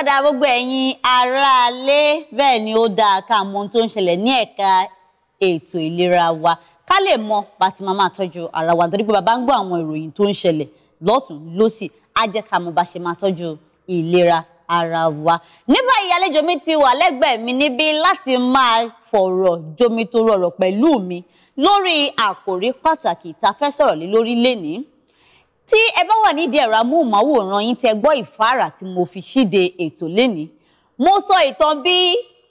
padà gbogbo ẹ̀yin aráalé bẹ́ẹ̀ ni ó dáa ká mọ ohun tó ń ṣẹlẹ̀ ní ẹ̀ka ètò ìlera wa ká lè mọ bá ti máa máa tọ́jú ara wa nítorí pé bàbá ń gbọ́ àwọn ìròyìn tó ń ṣẹlẹ̀ lọ́tún lọ́sì á jẹ́ ká mọ bá ṣe máa tọ́jú ìlera ara wa. ní báyìí àlejò mi ti wà lẹ́gbẹ̀ẹ́ mi níbí láti máa fọ̀rọ̀ jomitoro ọ̀rọ̀ pẹ̀lú mi lórí àkòrí pàtàkì tá a fẹ́ sọ̀rọ̀ lé lórí lénìí tí ẹ bá wà nídìí ẹ̀rọ amóhùnmáwòrán yín tẹ gbọ́ ìfáàrà tí mo fi ṣíde ètò lénìí mo sọ ìtàn bí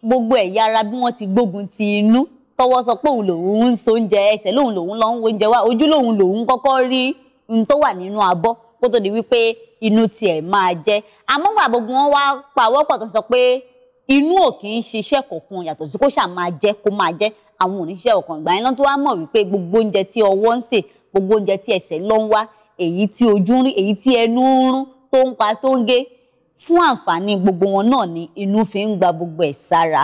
gbogbo ẹ̀yà ara bí wọ́n ti gbógun ti inú tọwọ́ sọ pé òun lòun ń so oúnjẹ ẹsẹ̀ lòun lòun lọ ń wo oúnjẹ wá ojú lòun lòun kọ́kọ́ rí ohun tó wà nínú abọ́ kó tó di wípé inú tiẹ̀ máa jẹ àmọ́ gbà gbogbo wọn wá pawọ́ pọ̀ tó sọ pé inú ò kì í ṣiṣẹ́ kọ̀ọ̀kan yàtọ̀ sí kó ṣà máa jẹ kó máa jẹ àwọn òníṣẹ́ ọ̀kan ìgbà yẹn lọ́n tó wá mọ̀ wípé gbogbo oúnjẹ tí ọwọ́ ń sè gbogbo oúnjẹ tí ẹsẹ̀ lọ́ ń wá èyí tí ojú ń rí èyí tí ẹnu ń rún tó ń pa tó ń gé fún àǹfààní gbogbo wọn náà ni inú fi ń gba gbogbo ẹ̀ sára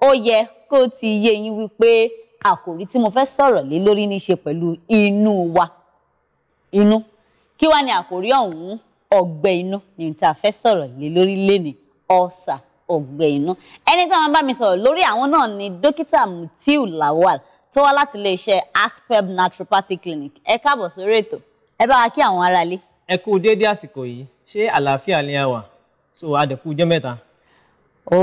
ó yẹ kó ti yé yín wípé àkòrí tí mo fẹ́ sọ̀rọ̀ lé lórí ní ṣe pẹ̀lú inú wa inú kí wá ni àkòrí ọ̀hún ọgbẹ́ inú ni tá a fẹ́ sọ̀rọ̀ lé lórí lénìí ọ̀sà ọgbẹ́ inú ẹni tó máa bá mi sọ̀rọ̀ lórí àwọn náà ni dókítà Mutiu Lawal tó wá láti iléeṣẹ́ Aspeb Naturopathic Clinic ẹ káàbọ̀ sórí ètò ẹ bá wa kí àwọn aráalé. ẹ kú déédé àsìkò yìí ṣé àlàáfíà ni a wà so àdẹ̀kù jẹ́ mẹ́ta. o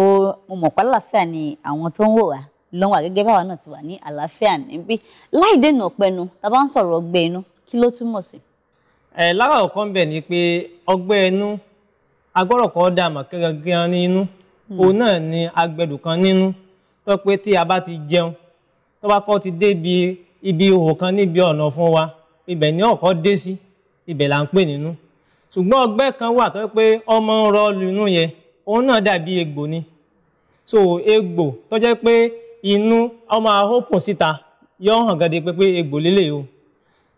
mo mọ̀ pálàfíà ni àwọn tó ń wò wá lọ́wọ́ àgẹ́gẹ́ báwa náà ti wà ní àlàáfíà níbí láì dènà ọ̀pẹnu tá a bá ń sọ̀rọ̀ ọgbẹ́ inú kí ló túmọ̀ sí. ẹ lára ọ̀kan bẹ̀ ni pé ọgbẹ́ inú agbọ́rọ̀ kan dà mà kẹ́gẹ́gẹ́ ní inú hmm. òun náà ni agbẹ̀dù kan nínú tó pé tí a bá ti jẹun tó bá kọ́ ti débi ibi ihò kan níbi ọ̀nà fún wa ibẹ̀ ni ọ̀kọ́ dé sí ibẹ̀ là ń pè nínú ṣùgbọ́n ọgbẹ́ kan wà tó pé ọmọ ń rọlù inú yẹn òun náà dàbí egbò ni so egbò tó jẹ́ pé inú ọmọ ahópùn síta yọ hàn gàdé pé pé egbò lélẹ̀ o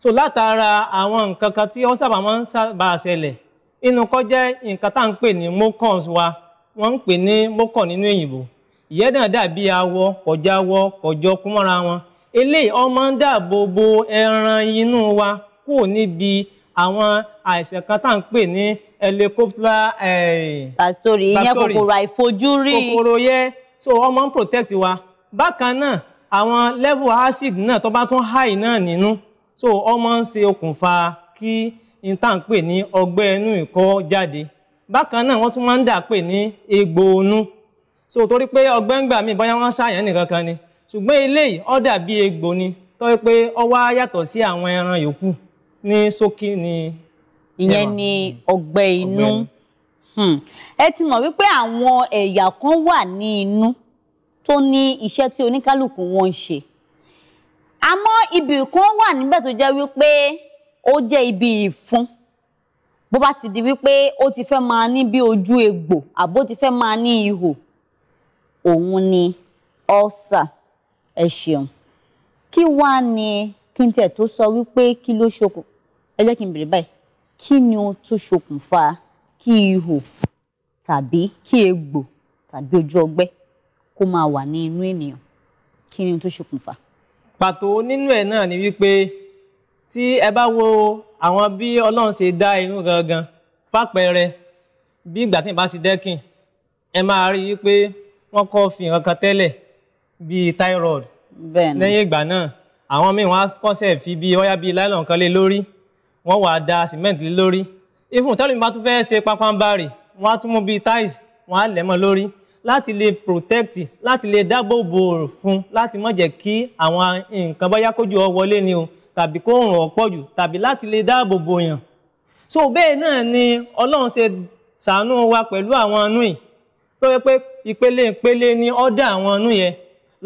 so látara àwọn nǹkan kan tí wọ́n sábà máa ń sábà ṣẹlẹ̀ inú kọ́ jẹ́ nǹkan tá à ń pè ní mokons wa wọ́n ń pè ní mokon nínú òyìnbó ìyẹn náà dàbí awọ kọjá awọ kọjọ kúmọ́ra wọn eléyìí ọmọ ń dáàbò bo ẹran inú wa kúrò níbi àwọn àìsàn kan tá à ń pè ní helicopter eh, bacteria ìyẹn kòkòrò àìfojúrí kòkòrò yẹ so ọmọ ń protect wa bákan náà àwọn level acid náà tó bá tún high náà nínú so ọmọ ń ṣe okùnfà kí n tá à ń pè ní ọgbẹ́ inú ìkọ́ jáde bákan náà wọ́n tún máa ń dà pé ní egbò onú so torí pé ọgbẹ́ ń gbà mí bóyá wọ́n ṣàyàn nìkan kan ni ṣùgbọ́n eléyìí ó dàbí egbò ni tó yẹ pé ó wá yàtọ̀ sí àwọn ẹran yòókù ní ṣókí ni. ìyẹn ni ọgbẹ́ inú hmm. ẹ ti mọ̀ wípé àwọn ẹ̀yà kan wà ní inú tó ní iṣẹ́ tí oníkálukú wọn ń ṣe àmọ́ ibì kan wà níbẹ̀ tó jẹ́ wípé ó jẹ́ ibi ìfun bó bá ti di wípé ó ti fẹ́ máa ní bí ojú egbò àbó ti fẹ́ máa ní ihò òun ni ulcer ẹ ṣeun kí wá ni kí n tẹ̀ tó sọ wípé kí ló ṣokùn ẹ jẹ́ kí n bèrè báyìí kí ni ó tó ṣokùnfà kí ihò tàbí kí egbò tàbí ojú ọgbẹ́ kó máa wà ní inú ènìyàn kí ni ó tó ṣokùnfà. pàtó nínú ẹ̀ náà ni wípé tí ẹ bá wo àwọn bí ọlọ́run ṣe dá inú gangan fàpẹẹrẹ bí ìgbà tí ìbá ṣe dẹ́kìn ẹ máa rí i wípé wọ́n kọ́ fi nǹkan kan tẹ́lẹ̀ bíi thyroid lẹ́yìn ìgbà náà àwọn míì wọ́n á kọ́sẹ̀ fi bí wáyà bíi láìlọ́n kan lé lórí wọ́n wàá da cement lé lórí ifun tẹ́lẹ̀ mi bá tún fẹ́ẹ́ ṣe pápánbárì wọ́n á tún mú bíi tiles wọ́n á lẹ̀ mọ́ lórí láti lè protect láti lè dáàbò bò fún láti má jẹ́ kí àwọn nǹkan bóyá kójú ọ wọlé ni o tàbí kó rùn ọ pọ̀ jù tàbí láti lè dáàbò bò yàn so bẹ́ẹ̀ náà ni ọlọ́run ṣe ṣàánú wa pẹ̀lú àwọn inú yìí tó yẹ pé ìpele ìpele ni ọ́dà àwọn inú yẹn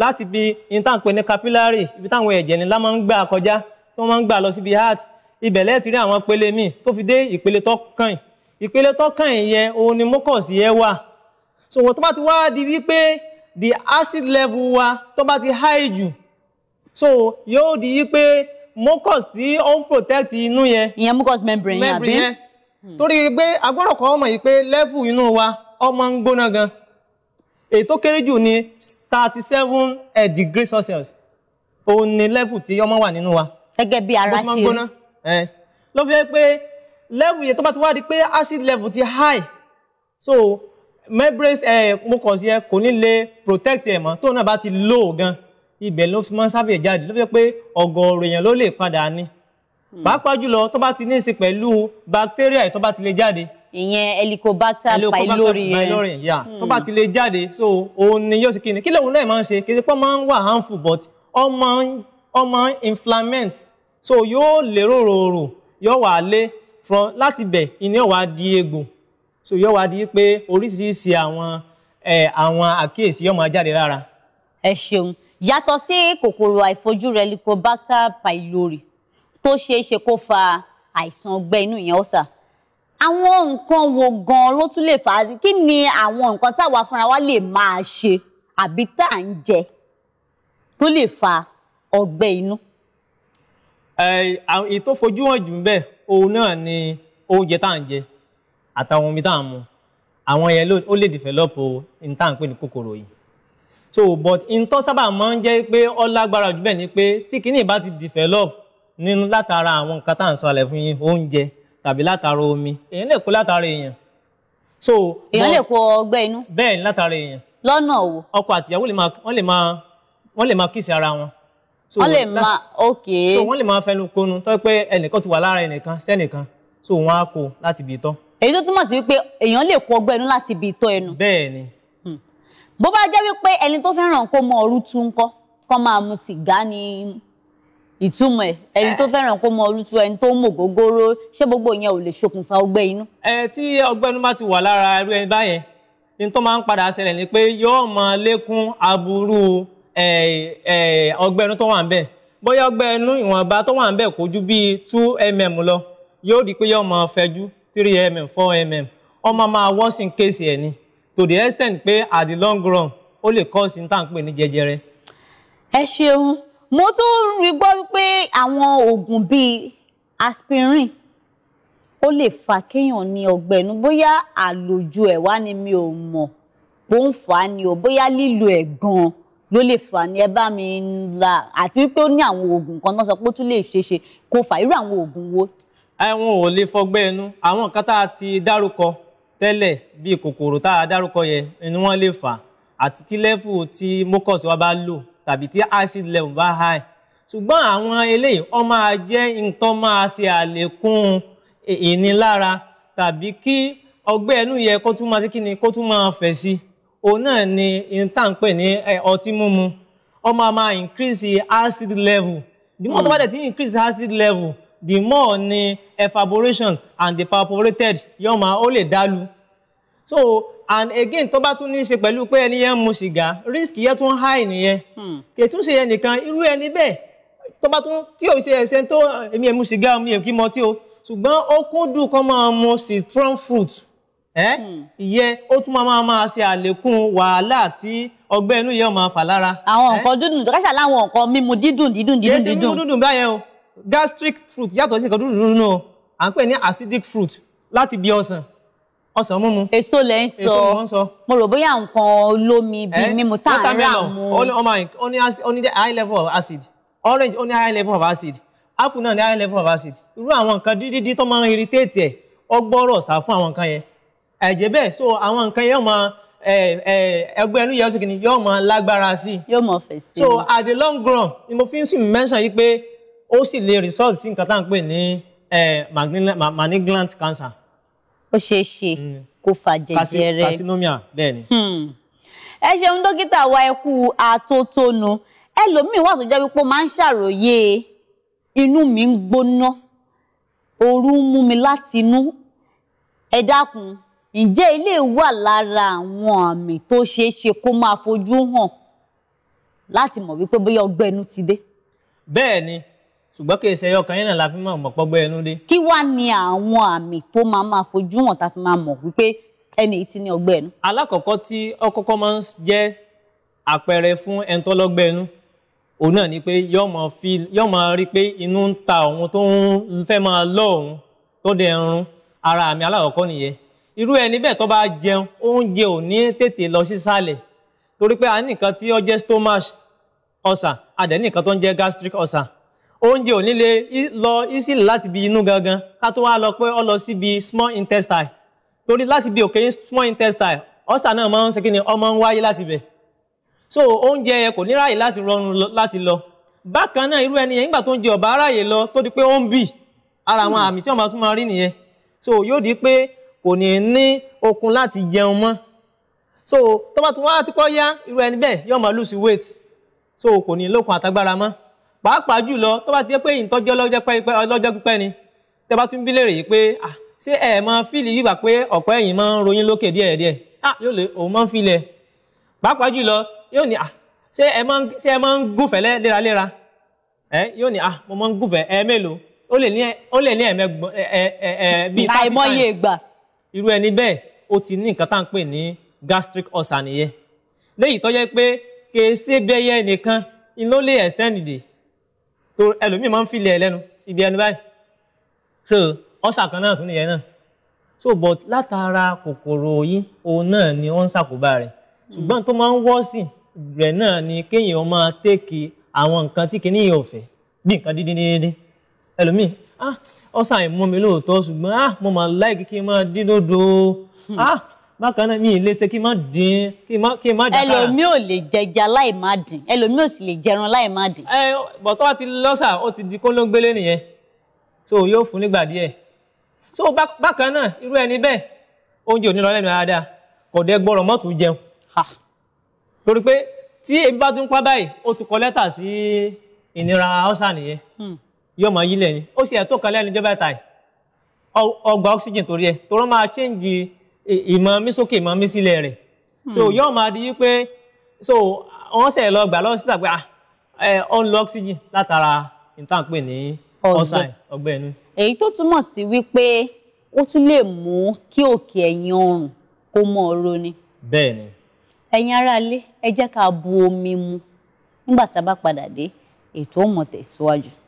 láti ibi ìtànpẹ ní capillary ibi táwọn ẹ̀jẹ̀ ńlá máa ń gbà kọjá tí wọ́n máa ń gbà lọ síbi heart ibẹ̀ lẹ́ẹ̀tì rí àwọn ìpele míì tó fi dé ìpele tó kàn ìpele tó kàn yẹn òun ni mucus yẹn wà so wọ́n tó bá ti wá di wípé the acid level wa tó bá ti high jù so yóò di wípé mucus tí ó ń protect inú yẹn ìyẹn mucus membrane yẹn àbí torí pé agbọ́dọ̀ kọ́ ọmọ yìí pé level inú wa ọmọ ń gbóná gan èyí tó kéré jù ni thirty seven eh, degree celsius òun ni level tí ọmọ wà nínú wa. gẹ́gẹ́ bí ara ṣe bó ti máa ń gbóná ló fi jẹ́ pé level yẹn tó bá ti wá di pé acid level ti high so membranes eh, mucus yẹn kò ní lè protect ẹ̀ mọ́ tóun náà bá ti low gan ibẹ̀ ló fi máa ń sábẹ̀ jáde ló fi jẹ́ pé ọ̀gọ̀ọ̀rọ̀ èèyàn ló lè padà ní hmm. pàápàá jùlọ tó bá ti ní í ṣe pẹ̀lú bacteria tó bá ti lè jáde ìyẹn helicobacter pylori yẹn hmm. tó bá ti lè jáde so òun ni yóò sì kí ni kí lóun náà máa ń ṣe kí sẹ́pọ̀ máa ń wà harmful but ọmọ ọmọ inflammate so yóò lè roròrò yóò wà lé from láti bẹ̀ ìní ọ̀wá di egbò so yóò wá di pé oríṣiríṣi àwọn àwọn àkíyèsí yóò máa jáde lára. ẹ ṣeun yàtọ̀ sí kòkòrò àìfojúrí helicobacter pylori tó ṣeé ṣe kó fa àìsàn ọgbẹ́ inú ìyẹn ọ̀sà àwọn nǹkan wo gan ló tún lè fà á sí kí ni àwọn nǹkan táwa fúnra wa lè máa ṣe àbí tá à ń jẹ tó lè fa ọgbẹ́ inú. èyí tó fojú hàn jù bẹ́ẹ̀ òun náà ni oúnjẹ tá à ń jẹ àtàwọn omi tá à ń mu àwọn yẹn ó lè develop n tá à ń pè ní kòkòrò yìí so but n tó sábà máa ń jẹ́ pé ó lágbára jù bẹ́ẹ̀ ni pé tí kinní bá ti develop nínú látara àwọn nǹkan tá à ń sọ alẹ́ fún yín oúnjẹ tàbí látara omi èèyàn lè kó látara èèyàn. so èèyàn lè kó ọgbẹ́ inú. bẹ́ẹ̀ ni látara èèyàn. lọ́nà wo. ọkọ àtìyàwó wọ́n lè máa wọ́n lè máa kíìsì ara wọn. wọ́n lè máa ok. so wọ́n lè máa fẹnu konu tó pé ẹnìkan ti wà lára ẹnìkan sẹ́nìkan so wọ́n á kó láti ibi ìtọ́. èyí tó túmọ̀ sí wípé èèyàn lè kó ọgbẹ́ inú láti ibi ìtọ́ ẹnu. bẹ́ẹ̀ ni. Hmm. bó bá jẹ́ wípé ẹni tó fẹ́ràn kó mọ òru tún kọ́ kọ́ máa mu sìgá ni ìtumọ̀ ẹ̀ ẹni tó eh. fẹ́ràn kó mọ orútu ẹni tó mọ ògógóró ṣé gbogbo yẹn ò lè ṣokùnfà ọgbẹ́ inú. ẹ eh, tí ọgbẹ́ inú bá ti wà lára irú ẹni báyẹn ní tó máa ń padà ṣẹlẹ̀ ni pé yóò mọ lékún aburú eh, ọgbẹ́ inú tó wà ń bẹ̀ bóyá ọgbẹ́ inú ìwọ̀nba tó wà ń bẹ̀ kò ju bíi two mm lọ yóò di pé yóò mọ fẹjú three mm four mm ọmọ máa wọ́sìn kéèsì ẹ̀ ni to the extent pé at the long run ó lè kọ́ sí ní tá ní jẹjẹrẹ. ẹ ṣeun mo tún rí gbọ́ wípé àwọn oògùn bíi aspirin ó lè fa kéèyàn ní ọgbẹ́ inú bóyá àlòjù ẹ̀ wá ni mi ò mọ̀ bó ń fà á ni o bóyá lílo ẹ̀ gan-an ló lè fà á ni ẹ bá mi la àti wípé ó ní àwọn oògùn kan náà sọ pé ó tún lè ṣeé ṣe kó fà irú àwọn oògùn wo. àwọn ò lè fọgbẹ́ inú àwọn nǹkan tá a ti dárúkọ tẹ́lẹ̀ bíi kòkòrò tá a dárúkọ yẹn ni wọ́n lè fà àti tí lẹ́fù tí mucus wa bá lò tàbí tí acid level bá high ṣùgbọ́n àwọn eléyìí ó máa jẹ́ nǹkan máa ṣe àlékún ìnilára tàbí kí ọgbẹ́ ẹnu yẹ kó tún máa ṣe kí ni kó tún máa fẹ̀ sí òun náà ni ìtànpẹ ní ọtí mímu ó máa máa increase acid level the more hmm. tó bá dẹ̀ increase acid level the more ni evaporation and evaporated yóò máa ó lè dàlú so and again tó bá tún ní í ṣe pẹ̀lú pé ẹni yẹn ń mu sìgá risk yẹn tún high nìyẹn hmm. kì í tún ṣe yẹn nìkan irú ẹni bẹ́ẹ̀ tó bá tún tí ò ṣe ẹsẹ̀ tó èmi ẹ̀ mu sìgá mi ò kí mọ tí o ṣùgbọ́n ó kúndùn kó máa mu citron fruit hmm. ìyẹn ó tún máa máa ṣe àlékún wàhálà tí ọgbẹ́ inú yẹn máa fà lára. àwọn nǹkan dúdùn kásà láwọn nǹkan mímu dídùn dídùn dídùn dídùn. yéé ṣe mímu dúdùn báyẹn o gastric fruit yàtọ̀ sí nǹkan dúdùn dúdùn náà acidic fruit láti bí ọsàn mímu. èso lẹ ń sọ èso mò ń sọ. mo rò bóyá nǹkan olómi bíi mímu tá à rà mu. ó ní oh high level of acid orange ó ní high level of acid apple náà ní high level of acid irú àwọn nǹkan dídídí tó máa ń irritate ẹ̀ ọgbọ́rọ̀ sá fún àwọn nǹkan yẹn ẹ̀jẹ̀ bẹ́ẹ̀ so àwọn nǹkan yẹn máa ẹgbẹ́ ẹnu yẹn sókè ni yóò máa lágbára sí i. yóò máa fẹ̀ sí i. so at the long run ni mo fi ń sùn mention yìí pé ó sì lè result sí nǹkan tá à ń pè ní malignant cancer ó ṣeé ṣe mm. kó fa jẹjẹrẹ carcinomia bẹ́ẹ̀ ni. Hmm. ẹ ṣeun dókítà wa ẹ kú àtótónu ẹlòmíín wà tó jẹ́ wípé ó máa ń ṣàròyé inú mi ń gbóná ooru ń mú mi láti inú ẹ dákun ǹjẹ́ ilé wà lára àwọn àmì tó ṣeé ṣe kó máa fojú hàn láti mọ̀ wípé bóyá ọgbẹ́ inú ti dé. bẹ́ẹ̀ ni ṣùgbọ́n kì í ṣe ọkàn yẹn náà la fi máa mọ̀ pọ́gbẹ́ ẹnu dé. kí wàá ní àwọn àmì tó máa máa fojú hàn tá a fi máa mọ̀ wípé ẹni yìí ti ní ọgbẹ́ ẹnu. alákọ̀ọ́kọ́ tí ó máa ń jẹ́ àpẹẹrẹ fún ẹni tó lọ́gbẹ́ ẹnu òun náà ni pé yóò máa fi yóò máa rí pé inú ń ta òun tó ń fẹ́ máa lọ òun tó dẹ̀ ń run ara àmì alákọ̀ọ́kọ́ nìyẹn irú ẹni bẹ́ẹ̀ tó bá jẹun oúnjẹ ò ní tètè lọ sísàlẹ̀ torí pé a ní nǹkan tí ó jẹ́ stomach ulcer a tó ń jẹ́ gastric ulcer oúnjẹ ò ní lè lọ easily láti ibi inú gangan ká tó wá lọ pé ó lọ síbi small intestine torí láti bi òkè small intestine ọ̀sà náà máa ń ṣe kí ni ọmọ ń wáyé láti bẹ̀ so oúnjẹ yẹn kò ní ráàyè láti rọrùn láti lọ bákan náà irú ẹni yẹn nígbà tó ń jẹ ọ̀bá ráàyè lọ tó di pé ó ń bì ara àwọn àmì tí wọ́n máa tún máa rí nìyẹn so yóò di pé kò ní ní okun láti jẹun mọ́ so tó bá tún wá ti kọ́ yá irú ẹni bẹ́ẹ̀ yóò máa lose weight so kò ní lókun àtagbára mọ́. pàápàá jùlọ tó bá ti jẹ́ pé ìtọ́jú ọlọ́jọ́ pípẹ́ ni bá tún pé ah ṣé ẹ mọ fíìlì yìí pé ọ̀pọ̀ ẹ̀yìn máa ń ròyìn lókè díẹ̀ díẹ̀ ah yóò lè òun máa ń filẹ̀ pàápàá jùlọ yóò ní ah ṣé ẹ máa ń léraléra ẹ yóò ní ah mo máa ń gùnfẹ̀ ẹ mélòó ó lè ní ẹ tó ẹlòmíì máa ń filẹ̀ lẹ́nu ibi ẹni báyìí so ọ̀sà kan náà tún nìyẹn náà so but látara kòkòrò yìí òun náà ni wọ́n ń ṣàkóbá rẹ̀ ṣùgbọ́n tó máa ń wọ́ sí rẹ̀ náà ni kéèyàn máa tẹ́kì àwọn nǹkan tí kìíní yìí ò fẹ́ bí nǹkan dídín dídín ẹlòmíì ah ọ̀sà ìmú mi lóòótọ́ ṣùgbọ́n ah mo máa láì kíkí máa dín lódò ah bákan náà mi ì lè ṣe kí n má dín kí n má kí n má dàkàrà. ẹlòmíì ò lè jẹja láì má dín ẹlòmíì ò sì lè jẹran láì má dín. ẹ bọ̀tọ́ àti lọ́sà ó ti di kólóńgbélé nìyẹn so yóò fún nígbà díẹ̀ so bákan náà irú ẹni bẹ́ẹ̀ oúnjẹ ò ní lọ lẹ́nu dáadáa kò dé gbọ́rọ̀ mọ́tò jẹun torí pé tí ebi bá tún pa báyìí ó ti kọ lẹ́tà sí ìnira ọ̀sà nìyẹn hmm. yóò máa yí lẹ́ni ó sì ẹ̀ tó kan ìmọ̀ mí sókè ìmọ̀ mí sílẹ̀ rẹ̀ hmm. so yóò máa di pé so wọ́n sẹ̀ lọ gbà lọ síta pé ah ọ̀n lọ oxygen látara nǹkan pè ní ọ̀sán ọgbẹ́ inú. èyí tó túmọ̀ sí wípé ó tún lè mú kí òkè ẹ̀yìn ọrùn kó mọ́ ọ̀rọ̀ ni. bẹ́ẹ̀ ni. ẹ̀yin aráalé ẹ jẹ́ ká bu omi mu nígbà tá a bá padà dé ètò ọ̀mọ̀ tẹ̀síwájú.